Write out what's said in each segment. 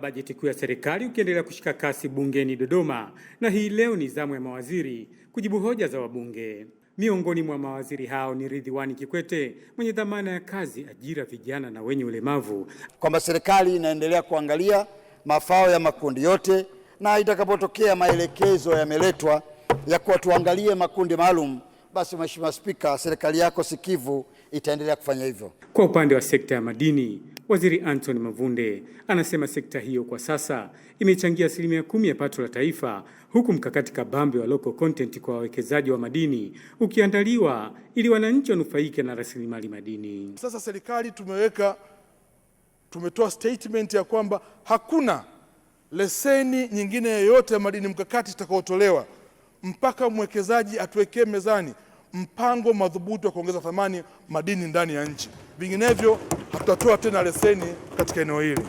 bajeti kuu ya serikali ukiendelea kushika kasi bungeni Dodoma, na hii leo ni zamu ya mawaziri kujibu hoja za wabunge. Miongoni mwa mawaziri hao ni Ridhiwani Kikwete mwenye dhamana ya kazi, ajira, vijana na wenye ulemavu, kwamba serikali inaendelea kuangalia mafao ya makundi yote na itakapotokea maelekezo yameletwa ya kuwa tuangalie makundi maalum, basi Mheshimiwa Spika, serikali yako sikivu itaendelea kufanya hivyo. Kwa upande wa sekta ya madini, Waziri Anthony Mavunde anasema sekta hiyo kwa sasa imechangia asilimia kumi ya pato la taifa, huku mkakati kabambe wa local content kwa wawekezaji wa madini ukiandaliwa ili wananchi wanufaike na rasilimali madini. Sasa serikali tumeweka, tumetoa statement ya kwamba hakuna leseni nyingine yoyote ya madini mkakati itakayotolewa mpaka mwekezaji atuwekee mezani mpango madhubuti wa kuongeza thamani madini ndani ya nchi, vinginevyo hatutatoa tena leseni katika eneo hili.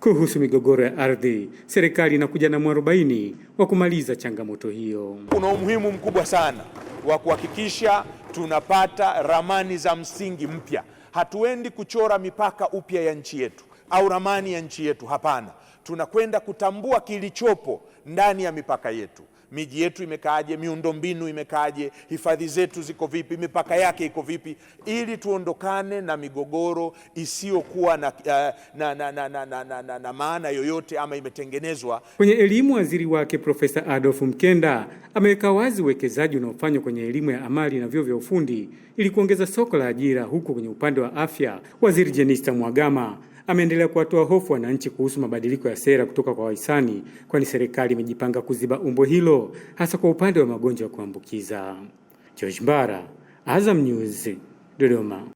Kuhusu migogoro ya ardhi, serikali inakuja na mwarobaini wa kumaliza changamoto hiyo. Kuna umuhimu mkubwa sana wa kuhakikisha tunapata ramani za msingi mpya. Hatuendi kuchora mipaka upya ya nchi yetu au ramani ya nchi yetu. Hapana, tunakwenda kutambua kilichopo ndani ya mipaka yetu. Miji yetu imekaaje? Miundombinu imekaaje? Hifadhi zetu ziko vipi? Mipaka yake iko vipi? Ili tuondokane na migogoro isiyokuwa eh, na, na, na, na, na, na, na, na maana yoyote ama imetengenezwa. Kwenye elimu, waziri wake Profesa Adolf Mkenda ameweka wazi uwekezaji unaofanywa kwenye elimu ya amali na vyuo vya ufundi ili kuongeza soko la ajira, huku kwenye upande wa afya waziri Jenista Mwagama ameendelea kuwatoa hofu wananchi kuhusu mabadiliko ya sera kutoka kwa wahisani, kwani serikali imejipanga kuziba umbo hilo hasa kwa upande wa magonjwa ya kuambukiza. George Mbara, Azam News, Dodoma.